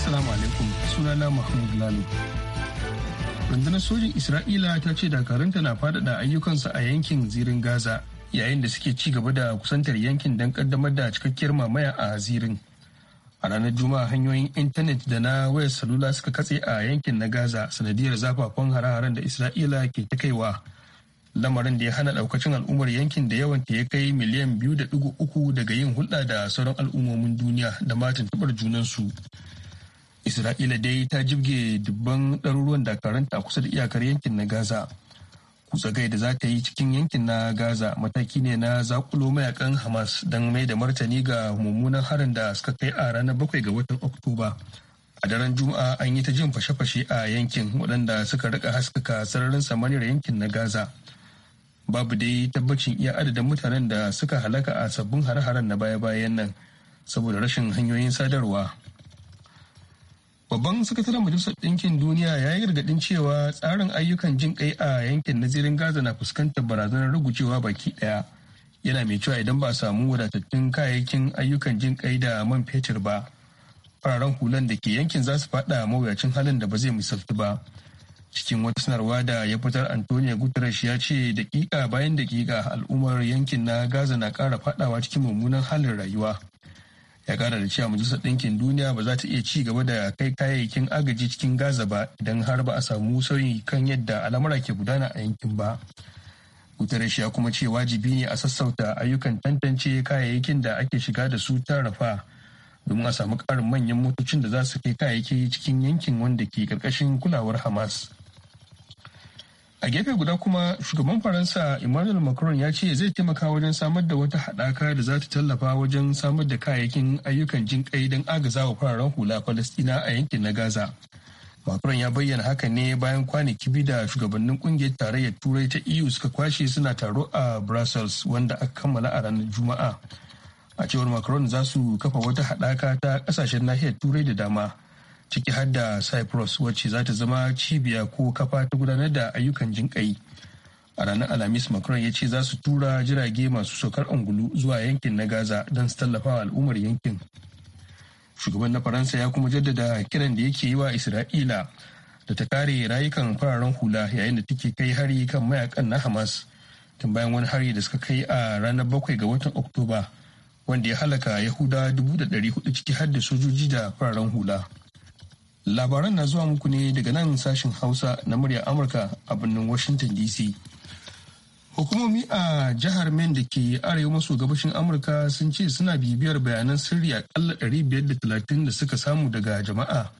Assalamu alaikum sunana Mahmud Lalo. Rundunar sojin Isra'ila ta ce dakarunta na faɗaɗa ayyukansa a yankin zirin Gaza yayin da suke ci gaba da kusantar yankin don kaddamar da cikakkiyar mamaya a zirin. A ranar Juma'a hanyoyin intanet da na wayar salula suka katse a yankin na Gaza sanadiyar zafafan hare-haren da Isra'ila ke ta kaiwa. Lamarin da ya hana ɗaukacin al'ummar yankin da yawan ta ya kai miliyan biyu da uku daga yin hulɗa da sauran al'ummomin duniya da ma tuntuɓar junansu. su. Isra'ila dai ta jibge dubban ɗaruruwan dakaranta kusa da iyakar yankin na Gaza. Kutsagai da za ta yi cikin yankin na Gaza mataki ne na zakulo mayakan Hamas don mai da martani ga mummunan harin da suka kai a ranar bakwai ga watan Oktoba. A daren Juma'a an yi ta jin fashe-fashe a yankin waɗanda suka rika haskaka sararin samaniyar yankin na Gaza. Babu dai tabbacin iya adadin mutanen da suka halaka a sabbin hare-haren na baya-bayan nan saboda rashin hanyoyin sadarwa Babban sakataren Majalisar Ɗinkin Duniya ya yi gargaɗin cewa tsarin ayyukan jin kai a yankin nazirin Gaza na fuskantar barazanar rugucewa baki ɗaya. Yana mai cewa idan ba a samu wadatattun kayayyakin ayyukan jin kai da man fetur ba, fararen hulan da ke yankin za su faɗa mawuyacin halin da ba zai misaltu ba. Cikin wata sanarwa da ya fitar Antonio Guterres ya ce dakika bayan dakika al'ummar yankin na Gaza na ƙara faɗawa cikin mummunan halin rayuwa. ya kara da cewa majalisar ɗinkin duniya ba za ta iya ci gaba da kai kayayyakin agaji cikin gaza ba idan har ba a samu sauyi kan yadda al'amura ke gudana a yankin ba guterres ya kuma ce wajibi ne a sassauta ayyukan tantance kayayyakin da ake shiga da su ta rafa domin a samu ƙarin manyan motocin da za su kai kayayyaki cikin yankin wanda ke ƙarƙashin kulawar hamas a gefe guda kuma shugaban faransa emmanuel macron ya ce zai taimaka wajen samar da wata haɗaka da za ta tallafa wajen samar da kayayyakin ayyukan jin kai don wa fararen hula palestina a yankin na gaza macron ya bayyana haka ne bayan kwanaki biyu da shugabannin kungiyar tarayyar turai ta eu suka kwashe suna taro a brussels wanda aka kammala a ranar juma'a a cewar macron za su kafa wata haɗaka ta ƙasashen nahiyar turai da dama ciki har da cyprus wacce za ta zama cibiya ko kafa ta gudanar da ayyukan jinƙai a ranar alhamis macron ya ce za su tura jirage masu saukar angulu zuwa yankin na gaza don su tallafa al'ummar yankin shugaban na faransa ya kuma jaddada kiran da yake yi wa isra'ila da ta kare rayukan fararen hula yayin da take kai hari kan mayakan na hamas tun bayan wani hari da suka kai a ranar bakwai ga watan oktoba wanda ya halaka yahuda dubu hudu ciki har da sojoji da fararen hula labaran na zuwa muku ne daga nan sashen hausa na murya amurka a birnin washington dc hukumomi a jihar maine da ke arewa maso gabashin amurka sun ce suna bibiyar bayanan sirri akalla biyar da talatin da suka samu daga jama'a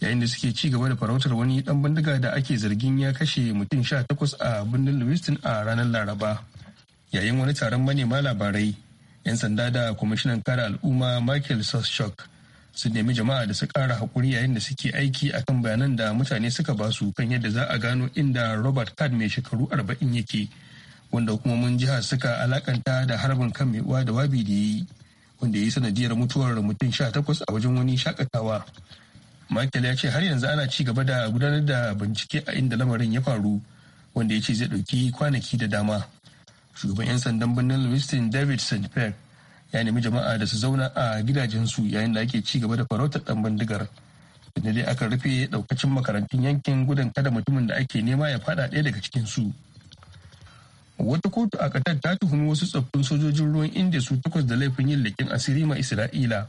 yayin da suke ci gaba da farautar wani dan bindiga da ake zargin ya kashe mutum sha takwas a birnin lewiston a ranar laraba yayin wani taron manema labarai 'yan sanda da kwamishinan kare al'umma michael sushok su nemi jama'a da su kara hakuri yayin da suke aiki a kan bayanan da mutane suka ba su kan yadda za a gano inda robert card mai shekaru arba'in yake wanda hukumomin jiha suka alakanta da harbin kan mai uwa da wabi da yi wanda ya yi sanadiyar mutuwar mutum sha takwas a wajen wani shakatawa michael ya ce har yanzu ana ci gaba da gudanar da bincike a inda lamarin ya faru wanda ya ce zai ɗauki kwanaki da dama shugaban 'yan sandan birnin livingston david st pierre ya nemi jama'a da su zauna a gidajensu yayin da ake ci gaba da farautar dan bindigar da dai aka rufe daukacin makarantun yankin gudun kada mutumin da ake nema ya fada ɗaya daga cikin su wata kotu a katar ta tuhumi wasu tsoffin sojojin ruwan indiya su takwas da laifin yin leƙen asiri ma isra'ila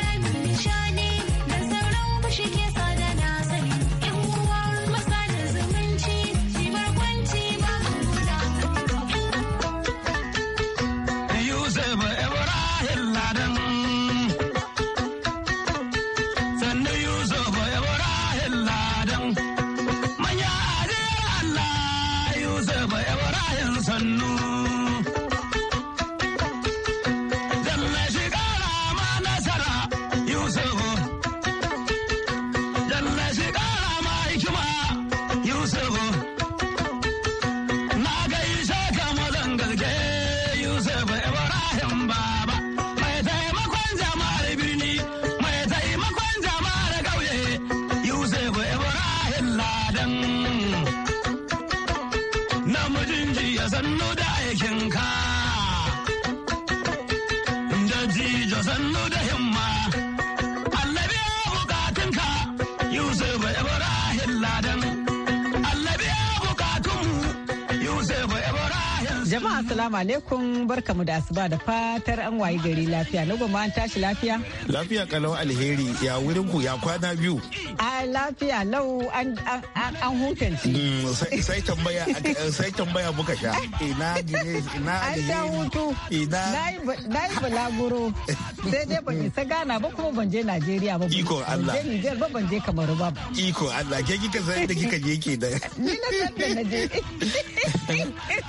Jama'a assalamu alaikum mu da asuba da fatar an wayi gari lafiya. Na goma an tashi lafiya? Lafiya kalau alheri ya wurin ku ya kwana biyu. A lafiya lau an hutun hmm, Sai tambaya sai tambaya muka sha. Ina gine ina alheri. An hutu. Ina. Na yi balaguro. Sai dai ban isa Ghana ba kuma ban je Najeriya ba. Iko Allah. Ban je Niger ba ban je Kamaru ba. Iko Allah ke kika san da kika je ke da. Ni na san da na je.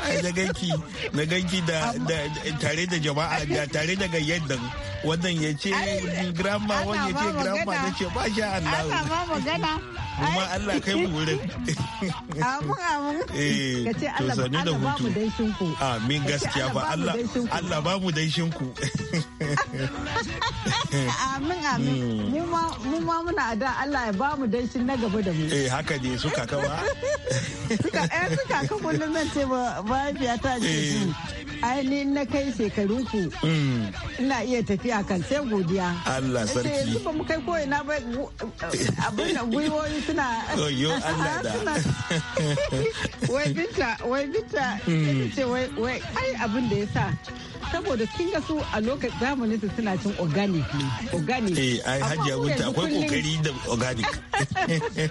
Ai da ganki na ganki da tare da jama'a da tare da gayyar da wannan ya ce grandma wannan ya ce grandma na ce ba sha Allah. Allah kuma Allah kai mu wurin amin amin eh to sani da hutu amin gaskiya ba Allah Allah ba mu shin ku amin amin mu ma muna da Allah ya ba mu shin na gaba da mu eh haka ne suka ba. suka eh suka kawa nan ce ba ba fiya ta ce eh. ni na kai shekaru ku hmm. ina iya tafiya kan sai godiya Allah sarki ba mu kai ko ina ba abin da gwiwoyi suna yo Allah da wai binta wai binta hmm. ce wai wai ai abin da yasa saboda kin ga su a lokacin zamanin su suna cin organic ne organic eh ai hajiya gunta akwai kokari da organic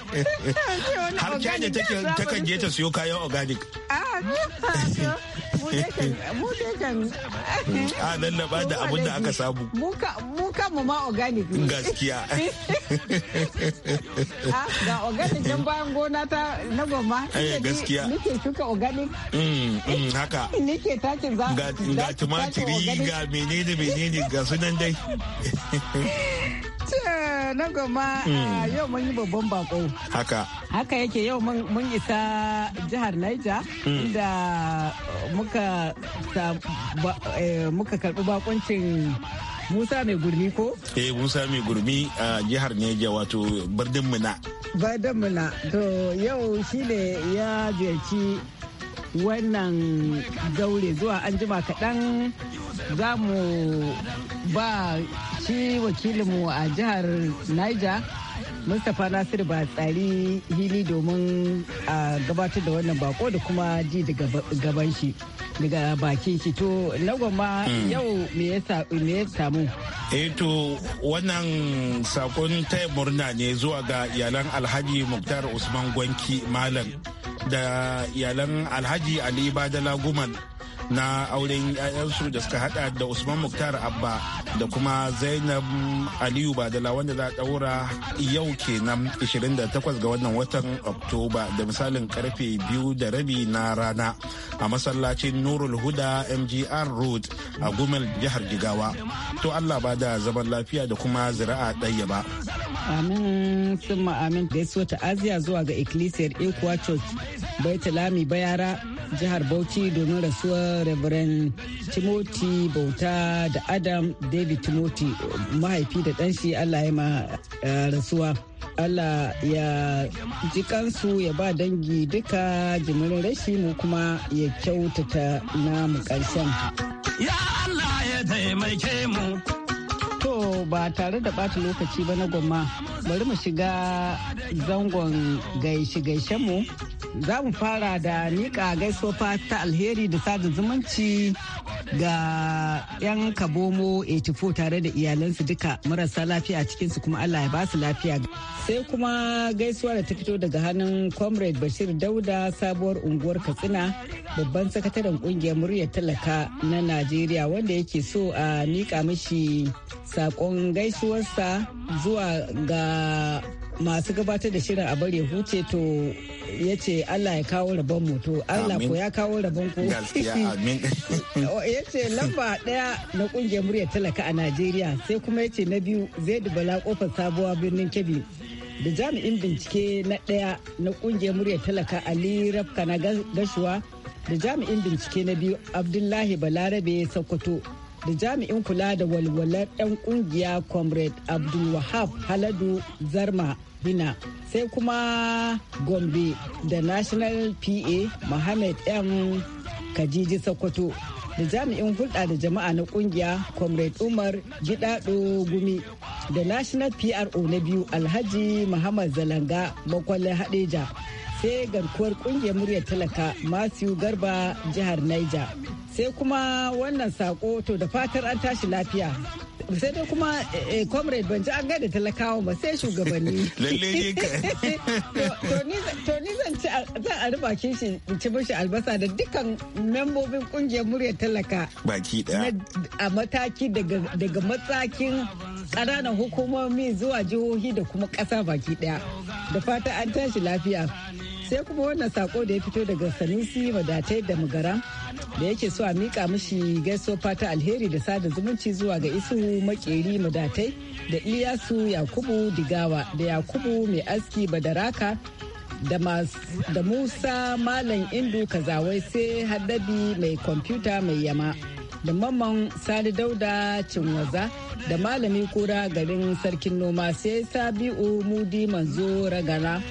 har kyaje take take je ta siyo kayan organic ah, a lallaba da abin da aka samu mu kanmu ma organic ne gaskiya ah, ga organic don bayan gona ta na goma eh, gaskiya nike shuka organic mm, mm, haka nike takin za ga tumatiri ga menene menene ga sunan dai na gama mm. yau mun yi babban bako. Haka. Haka yake yau mun isa jihar Niger mm. inda muka eh, muka karɓi bakoncin Musa mai gurmi ko? Eh Musa mai gurmi a jihar niger wato birnin Muna. Birnin Muna. To yau shi ne ya ziyarci wannan daure zuwa an jima kaɗan za mu ba shi wakilinmu a jihar niger Mustapha Nasiru ba tsari hili domin a gabatar da wannan bako da kuma ji daga gaban shi daga bakin shi to na goma hmm. yau me ya samu. Eh to wannan sakon taya murna ne zuwa ga iyalan Alhaji Muktar Usman Gwanki Malam da iyalan Alhaji Ali Badala Guman na auren 'ya'yansu da suka hada da usman muktar abba da kuma zainab aliyu badala wanda za a daura yau kenan 28 ga wannan watan oktoba da misalin karfe biyu da rabi na rana a masallacin nurul huda mgr road a gumel jihar jigawa to allah ba da zaman lafiya da kuma zira'a ɗaya ba amin sun ya gaisuwa aziya zuwa ga ikkilisiyar ekuwa church baitulami bayara jihar bauchi domin rasuwar reverend timothy bauta da adam david timothy mahaifi da ɗanshi allah ya ma eh, rasuwa Allah ya ji kansu ya ba dangi duka jimirin rashi mu kuma ya kyautata namu ƙarshen. Ya Allah ya taimake mu. to ba tare da bata lokaci ba na gwamma bari mu shiga zangon gaishe gaishen mu za mu fara da nika gaisofa ta alheri da sada zumunci ga 'yan kabomo 84 tare da iyalansu duka marasa lafiya cikinsu kuma allah ya ba su lafiya sai kuma gaisuwa da ta fito daga hannun comrade bashir dauda sabuwar unguwar katsina babban sakataren kungiyar muryar talaka na najeriya wanda yake so a nika mashi saƙon gaisuwarsa zuwa ga masu gabatar da shirin a bare huce to ya ce Allah ya kawo rabon mu to Allah ko ya kawo rabon ku ya ce lamba daya na kungiyar muryar talaka a Najeriya sai kuma ya ce na biyu zai bala kofar sabuwa birnin Kebbi da jami'in bincike na daya na kungiyar muryar talaka Ali Rafka na gashuwa da jami'in bincike na biyu Abdullahi Balarabe Sokoto da jami'in kula da walwalar 'yan kungiya comrade abdulwahab haladu zarma bina sai kuma gombe da national pa mohammed m kajiji sokoto da jami'in hulɗa da jama'a na ƙungiya comrade umar gidaɗo gumi da national pro na biyu alhaji muhammad zalanga makwallin hadeja sai garkuwar ƙungiyar muryar talaka matthew garba jihar niger sai kuma wannan sako to da fatar an tashi lafiya sai dai kuma eh, eh, comrade ban ji an gaida talakawa ba sai shugabanni lalle ne ka to ni zan ci zan a riba shi in ci mishi albasa da dukkan membobin kungiyar muryar talaka baki daya a mataki daga matsakin ƙananan hukumomi zuwa jihohi da kuma ƙasa baki daya da fata an tashi lafiya sai kuma wannan sako da ya fito daga sanusi wadatai da mugaram da yake so a mika mishi gaiso fata alheri da sada zumunci zuwa ga isu makeri madatai da iyasu yakubu digawa da yakubu mai aski badaraka da musa malam indu kazawai sai haddabi mai kwamfuta mai yama da mamman sani dauda cinwaza da malami kura garin sarkin noma sai sabi'u mudi manzo ragana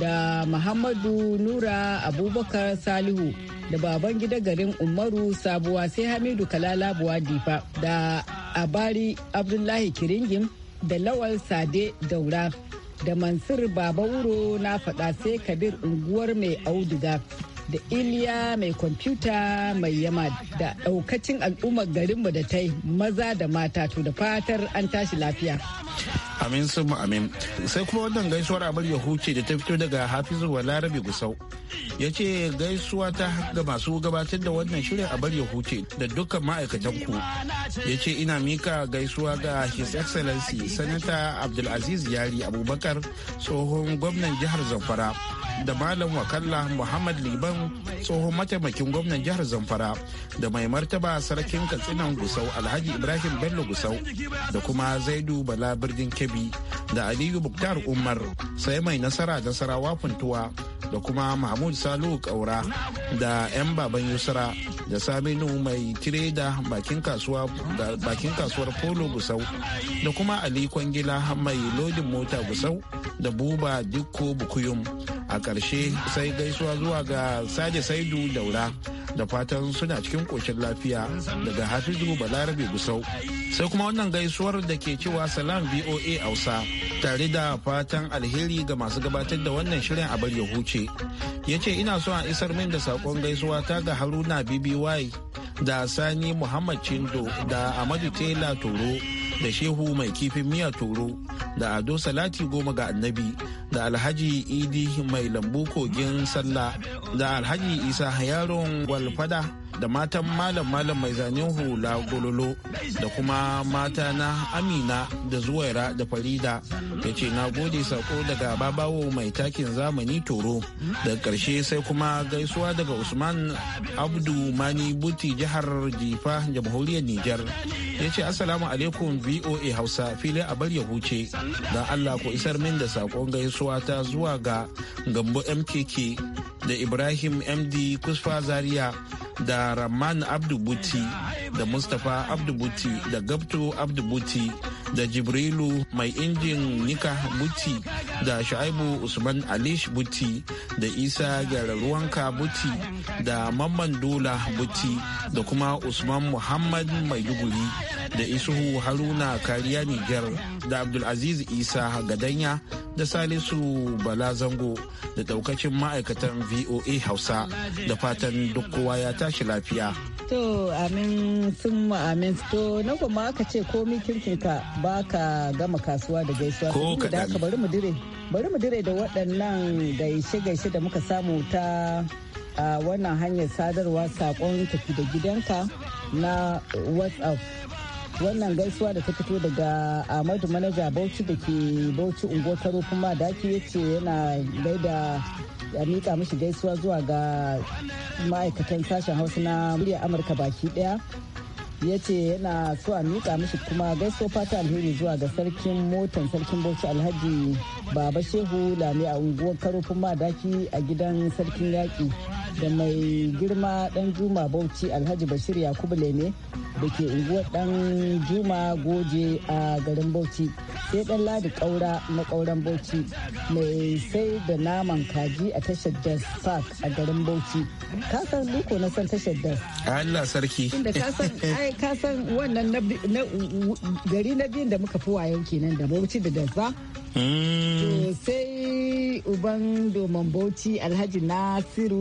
da muhammadu nura abubakar salihu da baban gida garin umaru sabuwa sai hamidu kalala difa da abari abdullahi kiringin da lawal sade daura da mansur baba wuro na faɗa sai kabir unguwar mai auduga da iliya mai kwamfuta mai yama da daukacin al'ummar garinmu da ta yi maza da mata to da fatar an tashi lafiya amin sun amin sai kuma wannan gaisuwar abar ya huce da ta fito daga hafizu wa larabi gusau ya ce gaisuwa ta ga masu gabatar da wannan shirin abar ya huce da dukkan ma'aikatan ku ya ce ina mika gaisuwa ga his excellency sanata abdulaziz yari abubakar tsohon gwamnan jihar zamfara da malam wakalla muhammad liban tsohon mataimakin gwamnan jihar zamfara da mai martaba sarkin katsinan gusau alhaji ibrahim bello gusau da kuma zaidu bala birnin kebi da aliyu buktar umar sai mai nasara da sarawa funtuwa da kuma mahmud salu kaura da 'yan baban yusra da saminu mai tireda bakin kasuwar polo gusau da kuma ali kwangila mai lodin mota gusau da buba dikko bukuyum a ƙarshe sai gaisuwa zuwa ga sade saidu daura da fatan suna cikin ƙoshin lafiya daga hafizu balarabe gusau sai kuma wannan gaisuwar da ke cewa salam voa hausa tare da fatan alheri ga masu gabatar da wannan shirin a ya huce ya ce ina so a isar min da sakon gaisuwa ta ga haruna bby da sani muhammad chindo da amadu tela toro da shehu mai kifin miya toro da ado salati goma ga annabi da alhaji idi mai lambu kogin sallah da alhaji isa yaron gwalfada da matan malam malam mai zanen hula gololo da kuma mata na amina da zuwaira da farida ya ce na gode sako daga babawo mai takin zamani toro da karshe sai kuma gaisuwa daga usman abdu mani buti jihar jifa jamhuriyar nijar ya ce assalamu alaikum voa hausa fili a bar ya huce don allah ku isar min da sakon gaisuwa ta zuwa ga gambo mkk da ibrahim md kusfa zaria da Rahman Abdubuti da Mustapha Abdubuti da Gabto Abdubuti da jibrilu mai injin nika buti da shaibu usman alish buti da isa ruwanka buti da mamman dola buti da kuma usman muhammad maiduguri da isuhu haruna kariya niger da abdulaziz isa gadanya da salisu bala zango da daukacin ma'aikatan voa hausa da fatan duk kowa ya tashi lafiya to amin sun amin to na kuma aka ce komi kirkinka ba ka gama kasuwa da gaisuwa ko da ka bari mu dire bari mu dire da waɗannan gaishe gaishe da muka samu ta a wannan hanyar sadarwa sakon tafi da gidanka na whatsapp wannan gaisuwa da ta fito daga ahmadu manaja bauchi da ke bauchi unguwar karofin madaki ya ce yana gaida a miƙa mishi gaisuwa zuwa ga ma'aikatan sashen hausa na murya amurka baki ɗaya. ya ce yana so a miƙa mishi kuma gaiso fata alheri zuwa ga sarkin motan sarkin bauchi alhaji baba shehu lami a unguwar karofin madaki a gidan sarkin yaƙi da mai girma dan juma bauchi alhaji bashir yakubu leme da ke unguwar dan juma goje a garin bauchi sai dan ladi kaura na kauran bauchi mai sai da naman kaji a tashar da park a garin bauchi san liko na san tashar da. allah sarki inda san wannan gari na biyun da muka fi wayo kenan da bauchi da das Mm. Eh, sai uban domin bauchi alhaji nasiru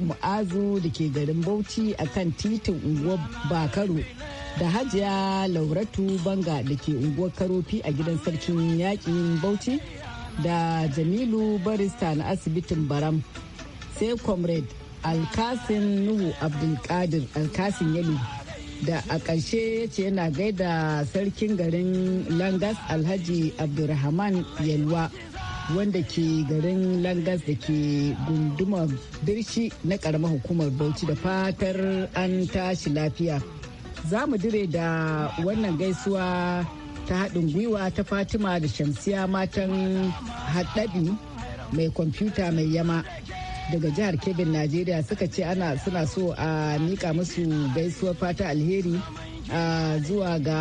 mu'azu da ke garin bauchi a kan titin unguwar bakaro da hajiya lauratu banga da ke unguwar karofi a gidan sarkin yakin bauchi da jamilu barista na asibitin baram sai comrade alkasin nuhu abdulkadir alkasin yalu da a ƙarshe ce yana gaida sarkin garin langas alhaji abdulrahman yalwa wanda ke garin langas da ke gundumar birshi na ƙaramar hukumar bauchi da fatar an tashi lafiya za mu dire da wannan gaisuwa ta haɗin gwiwa ta fatima da shamsiya matan haɗabi mai kwamfuta mai yama daga jihar kebin najeriya suka ce ana suna so a mika musu gaisuwar fata alheri zuwa ga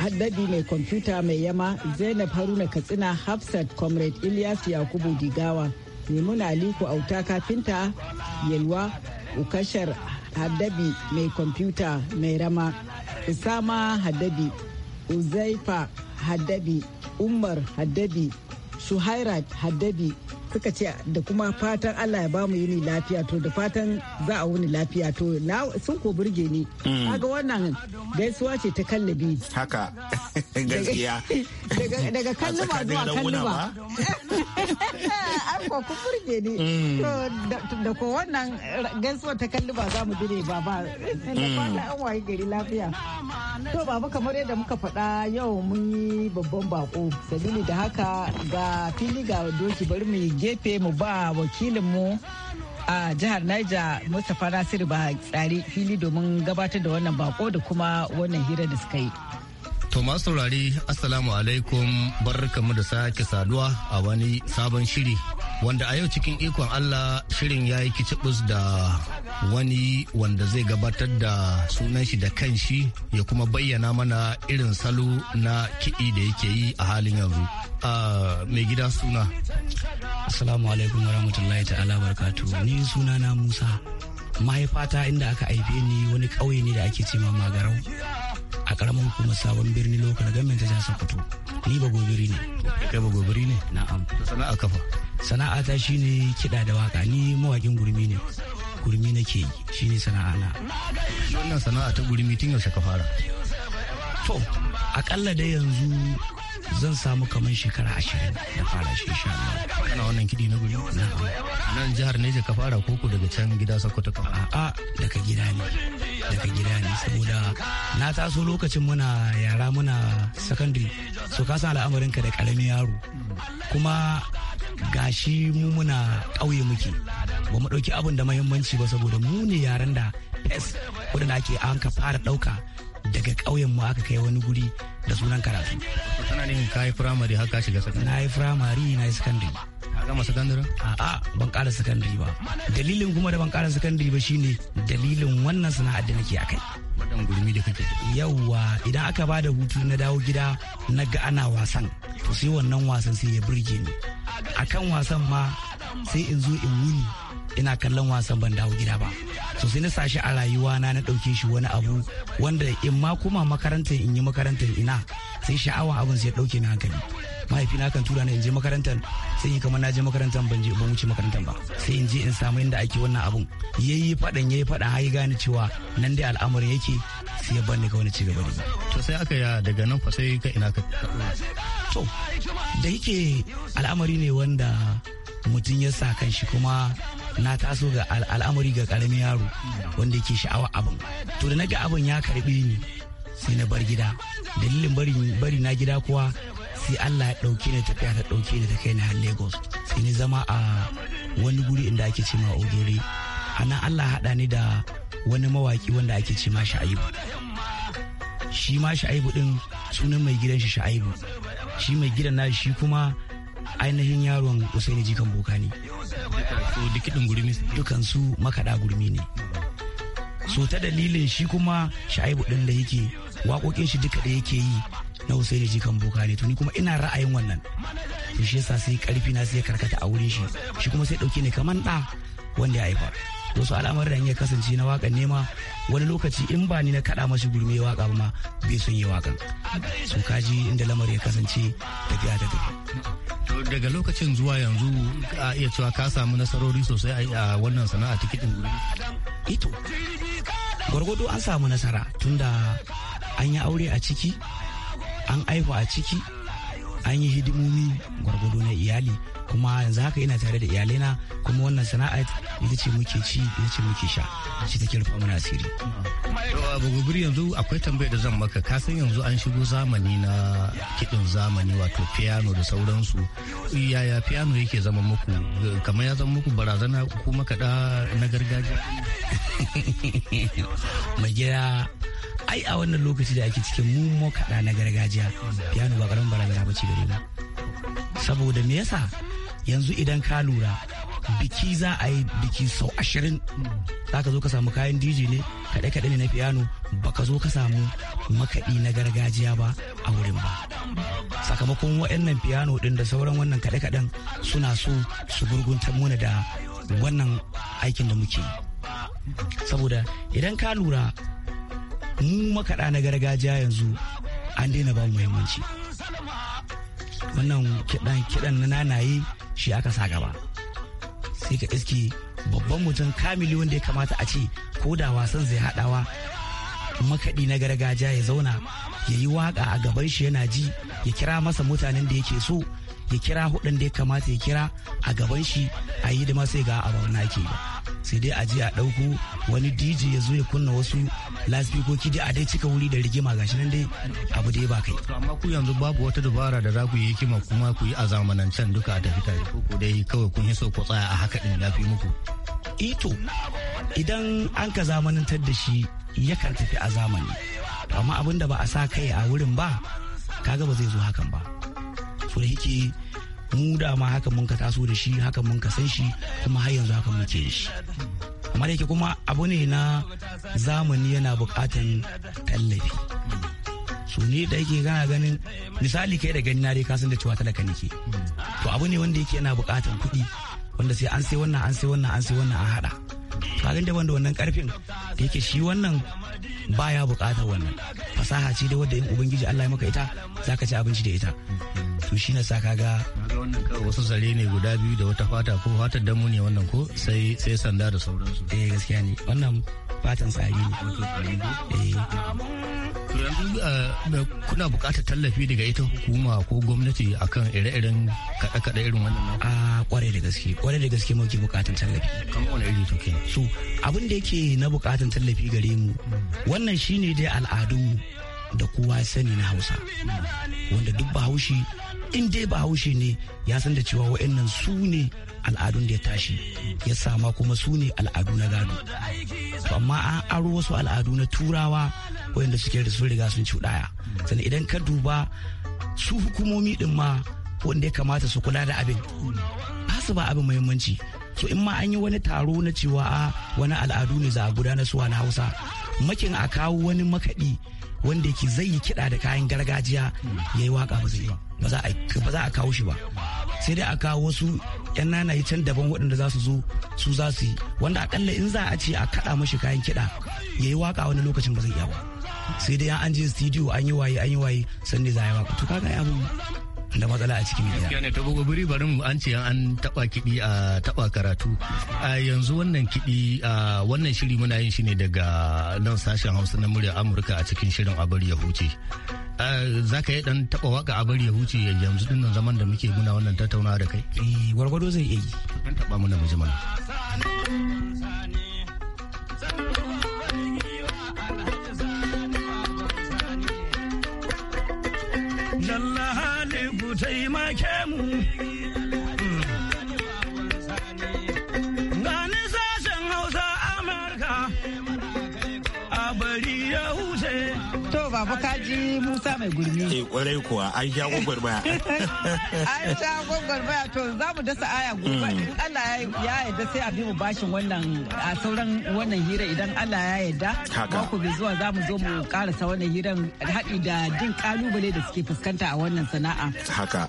haddadi mai kwamfuta mai yama zainab haruna katsina hafsat comrade ilyas yakubu digawa maimuna aliko auta kafinta yalwa ukashar haddabi mai kwamfuta mai rama isama haddabi uzaifa haddabi umar haddabi suhairat haddabi suka ce da kuma fatan Allah ya bamu yini lafiya to da fatan za a wuni lafiya to sun ko burge ni hmm. kaga wannan gaisuwa ce ta kallabi haka gaskiya daga kalluma zuwa kalluma an ko ku burge ni hmm. da ko wannan gaisuwa ta ba za mu dire ba. da hmm. fatan an waye gari lafiya to baba kamar yadda muka faɗa yau mun yi babban bako sabili da haka ga fili ga doki bari mu yi. gefe mu ba wakilinmu a jihar Niger Mustapha Nasiru ba tsari fili domin gabatar da wannan bako da kuma wannan hira da suka yi. To masu saurari Assalamu alaikum barkamu da sake saduwa a wani sabon shiri wanda a yau cikin ikon Allah shirin ya yi kicibus da wani wanda zai gabatar da sunan shi da shi ya kuma bayyana mana irin salo na kiɗi da yake yi a halin yanzu. mai gida suna. Assalamu alaikum warahmatullahi ta'ala barkatu ni suna na Musa mahaifata inda aka haife ni wani ƙauye ne da ake cewa magarau karamin kuma sabon birni lokal gamin ta jihar sokoto ni ba gobiri ne kai ba gobiri ne na'am sana'a kafa sana'a ta shine kiɗa da waka ni mawakin gurmi ne gurmi nake yi shine sana'a na wannan sana'a ta gurmi tun yaushe ka fara to akalla da yanzu zan samu kamar shekara ashirin da fara shi sha kana wannan kiɗi na guri nan jihar Neja ka fara koko daga can gida Sokoto ka a'a daga gida ne daga gida ne saboda na taso lokacin muna yara muna secondary so ka san al'amarin ka da karamin yaro kuma gashi mu muna ƙauye muke ba mu ɗauki abin da mahimmanci ba saboda mu ne yaran da pes wadanda ake an ka fara ɗauka daga ƙauyen mu aka kai wani guri da sunan karatu kana ne ka yi firamare har ka shiga sakandare na yi firamare na yi sakandare ka gama sakandare a'a ban ƙara sakandare ba dalilin kuma da ban ƙara sakandare ba shine dalilin wannan sana'ar da nake akai wadan gurmi da kake yawwa idan aka ba da hutu na dawo gida na ga ana wasan to sai wannan wasan sai ya burge ni akan wasan ma sai in zo in wuni ina kallon wasan ban dawo gida ba so sai na sashi a rayuwa na na dauke shi wani abu wanda in ma kuma makarantar in yi makarantar ina sai sha'awa abin sai dauke na hankali mahaifina kan tura na in je makarantar sai yi kamar na je makarantar ban je ban wuce makarantar ba sai in je in samu inda ake wannan abun yayi fadan yayi fada har ya gane cewa nan dai al'amarin yake sai ya banne ga wani ci gaba da to sai aka ya daga nan fa sai ka ina ka to da yake al'amari ne wanda mutum ya sa kan shi kuma na taso ga al'amari ga karamin yaro wanda yake sha'awa abin to da na ga abin ya karɓe ni sai na bar gida dalilin bari na gida kuwa sai Allah ya ɗauke ni tafiya ta ɗauke ni ta kai na har Lagos sai ni zama a wani guri inda ake ce ma Ogere a Allah haɗa ni da wani mawaki wanda ake ce ma Sha'ibu shi ma Sha'ibu din sunan mai gidan shi Sha'ibu shi mai gidan na shi kuma ainihin yaron usaini jikan boka ne su makaɗa gurmi ne so ta dalilin shi kuma sha'ibu ɗin da yake waƙoƙin shi duka da yake yi na usaini jikan boka ne tuni kuma ina ra'ayin wannan to shi yasa sai karfi na sai karkata a wurin shi shi kuma sai ɗauke ne kamar ɗa wanda ya haifa to su al'amarin ya kasance na wakan nema wani lokaci in ba ni na kaɗa mashi gurme waka ba ma bai son yi waka. so kaji inda lamar ya kasance tafiya ta daga lokacin zuwa yanzu a iya cewa ka samu nasarori sosai a wannan sana'a tikitin gurme ito gwargwado an samu nasara tunda an yi aure a ciki an aihu a ciki an yi hidimomi gwargwado na iyali kuma yanzu haka ina tare da iyalaina kuma wannan sana'a ita ce muke ci ita ce muke sha shi take rufa mana asiri. Bugubir yanzu akwai tambayar da zan maka ka san yanzu an shigo zamani na kiɗin zamani wato piano da sauransu yaya piano yake zama muku kamar ya zama muku barazana ko makaɗa na gargajiya. Mai gida ai a wannan lokaci da ake cikin mu kaɗa na gargajiya piano ba karamin barazana ba ce gare mu saboda me yasa yanzu idan ka lura biki za a yi biki sau ashirin za ka zo ka samu kayan dj ne kaɗe kaɗe ne na piano ba ka zo ka samu makaɗi na gargajiya ba a wurin ba sakamakon wa'annan piano ɗin da sauran wannan kaɗe kaɗen suna so su gurgunta muna da wannan aikin da muke saboda idan ka lura mu makaɗa na gargajiya yanzu an daina ba muhimmanci wannan kiɗan kiɗan na nanaye shi aka sa gaba sai ka iske babban mutum kamili wanda ya kamata a ce ko da wasan zai haɗawa makaɗi na gargajiya ya zauna ya yi waƙa a gaban shi yana ji ya kira masa mutanen da yake so ya kira hudun da ya kamata ya kira a gaban shi a yi da masu ga a na ke ba sai dai a je a ɗauko wani dj ya zo ya kunna wasu lasfikoki dai a dai cika wuri da rigima gashi nan dai abu dai ba kai amma ku yanzu babu wata dabara da za ku yi hikima kuma ku yi a zamanancen duka a tafi tare ko dai kawai kun yi so ku tsaya a haka din lafi muku ito eh idan an ka zamanantar da shi yakan tafi a zamani amma abin da ba a sa kai a wurin ba kaga ba zai zo hakan ba so da yake mu dama haka mun ka taso da shi haka mun ka san shi kuma har yanzu haka muke shi amma da yake kuma abu ne na zamani yana bukatan tallafi su ne da yake gana ganin misali kai da gani na dai san da cewa talaka nake to abu ne wanda yake yana bukatan kuɗi wanda sai an sai wannan an sai wannan an sai wannan an hada ka daban da wannan karfin da yake shi wannan baya bukatar wannan fasaha ce da wadda in ubangiji Allah ya maka ita zaka ci abinci da ita to shi na sa kaga ga wannan kawai wasu zare ne guda biyu da wata fata ko fatar damu ne wannan ko sai sai sanda da sauransu eh gaskiya ne wannan fatan tsari ne eh to yanzu eh, kuna buƙatar tallafi daga ita hukuma ko gwamnati akan ire-iren kaɗe-kaɗe irin wannan a kwarai da gaske kwarai da gaske muke buƙatar tallafi kamar wani iri to ke so abin da yake na buƙatar tallafi gare mu hmm. wannan shine dai al'adun da kowa ya sani na hausa wanda duk bahaushe in dai bahaushe ne ya san da cewa wa'annan su ne al'adun da ya tashi ya sama kuma su ne al'adu na gado to amma an aro wasu al'adu na turawa wayanda suke da sun riga sun cuɗaya sannan idan ka duba su hukumomi din ma wanda ya kamata su kula da abin ba su ba abin muhimmanci so in ma an yi wani taro na cewa a ah, wani al'adu ne za a gudanar suwa na hausa makin a kawo wani makaɗi wanda yake zai yi kiɗa da kayan gargajiya ya yi waka ba zai yi ba za a kawo shi ba sai dai a kawo wasu yan yi can daban waɗanda za su zo su za su yi wanda akalla in za a ce a kaɗa mashi kayan kiɗa ya yi waka wani lokacin ba zai iya ba sai dai an je studio an yi waye an yi waye sannan za a yi waka to kaga ya da matsala a cikin gida. ta ne ta bari mu an ce an taba kiɗi a taba karatu. A yanzu wannan kiɗi a wannan shiri muna yin shi ne daga nan sashen Hausa na murya Amurka a cikin shirin abar ya huce. za ka yi dan taba waka a bari ya huce yanzu din nan zaman da muke muna wannan tattaunawa da kai? Eh, gwargwado zai iya yi. Dan taba muna mu ji mana. taimake mu mai gurmi. Eh kwarai kuwa an sha baya. An sha baya to za mu dasa aya gobe hmm. in Allah ya yarda sai a bi mu bashin wannan a sauran wannan hira idan Allah ya yarda. Haka. Mako bi zuwa za mu zo mu karasa wannan hiran haɗi da din kalubale da suke fuskanta a wannan sana'a. Haka.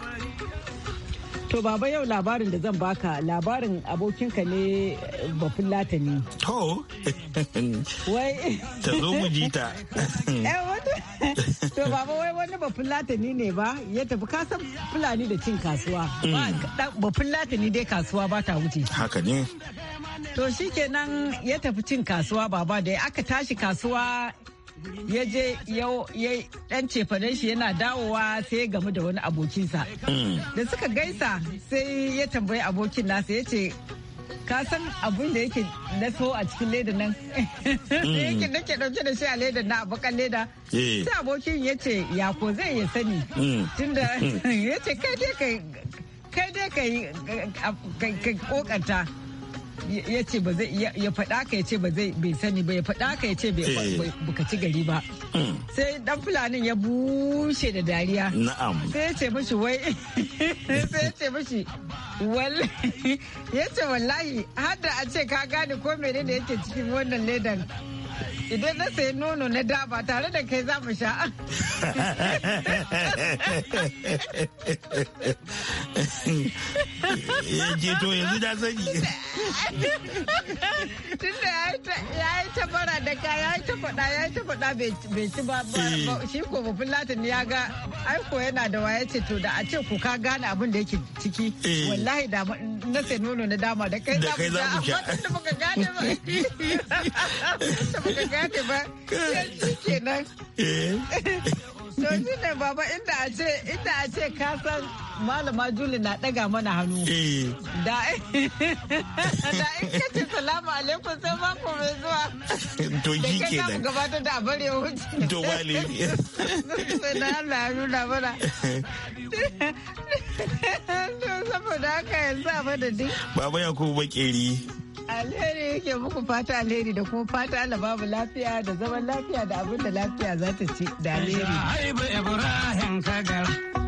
To baba yau labarin da zan baka labarin abokinka ne eh, bafin latani. To. Wai. Ta zo mu ji ta. Eh, to baba wai wani bafin latani ne ba ya tafi kasan fulani da cin kasuwa. Hmm. Bafin latani dai kasuwa ba ta wuce. Haka ne. To shikenan ya tafi cin kasuwa baba dai aka tashi kasuwa ya je ya dan cefanen shi yana dawowa sai ya gamu da wani abokinsa da suka gaisa sai ya tambayi abokin nasa ya ce ka san abin da yake na so a cikin leda nan hmm. sai yake nake dauke da shi a leda na abokan leda sai abokin ya ce ya ko zai ya sani hmm. tunda hmm. ya ce kai dai kai kokanta ya ce ba zai ya faɗa ka ya ce ba zai bai sani ba ya faɗa ka ya ce bai eh. bukaci gari ba hmm. sai dan fulanin ya bushe da dariya na'am sai ya ce mishi wai sai ya ce mishi wallahi ya ce wallahi har da a ce ka gane ko ne yake cikin wannan ledan idan na sayi nono na da ba tare da kai za mu sha. je to yanzu da sani tunda ya yi ta bara da ka ya yi ta faɗa ya yi ta faɗa bai ci eh. ba shi ko ba filatin ya ga aiko yana da waye ce to da a ce ku ka gane abin da yake ciki eh. wallahi da na sai nono na dama da kai za ku sha amma da baka gane ba da baka gane ba sai kenan eh. To ni ne baba inda a ce inda a ce ka san malama Juli na daga mana hannu. Eh. Da da in ka ce salamu alaikum sai mako mai zuwa. To ji ke da. Da gabatar da abare wuce. To wale. Sai da Allah ya nuna mana. To saboda haka yanzu a madadin. Baba Yakubu Bakeri. alheri yake muku fata alheri da kuma fata Allah babu lafiya da zaman lafiya da abin da lafiya za ta ci da alheri. Ibrahim Kagara.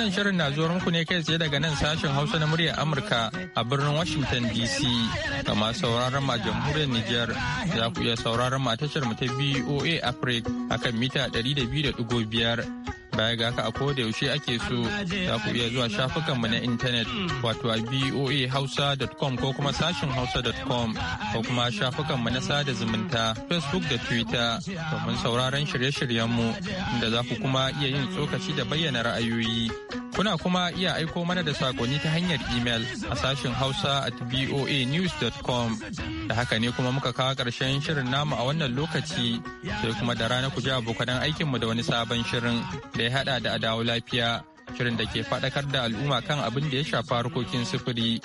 Wannan shirin na zuwa muku ne kai tsaye daga nan sashen Hausa na muryar Amurka a birnin Washington DC. Kama sauraron ma jamhuriyar Nijar za ku iya sauraron ma tashar mu ta BOA Africa akan mita 200.5 Baya ga haka a koda yaushe ake so za ku iya zuwa shafukanmu na intanet wato a voahausa.com ko kuma sashin hausa.com ko kuma shafukanmu na sada zumunta Facebook da Twitter domin sauraron shirye-shiryenmu inda za ku kuma iya yin tsokaci da bayyana ra'ayoyi. Kuna kuma iya aiko mana da sakonni ta hanyar imel a sashin hausa at voanews.com da haka ne kuma muka kawo ƙarshen shirin namu a wannan lokaci sai kuma da rana ku ji abokan aikinmu da wani sabon shirin da ya hada da adawo lafiya shirin da ke faɗakar da al'umma kan abin da ya shafa harkokin sufuri.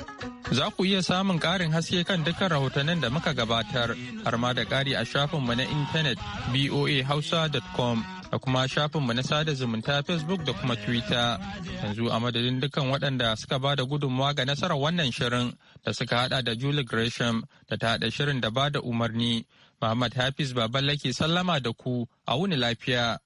Za ku iya samun karin haske kan dukkan rahotannin da muka gabatar har ma da kari a shafinmu na intanet boahausa.com da kuma shafinmu na sada zumunta Facebook da kuma Twitter. Yanzu a madadin dukkan waɗanda suka ba da gudunmawa ga nasarar wannan shirin da suka hada da Julie Gresham da ta haɗa shirin da ba da umarni. Muhammad Hafiz Baballake sallama da ku a wuni lafiya.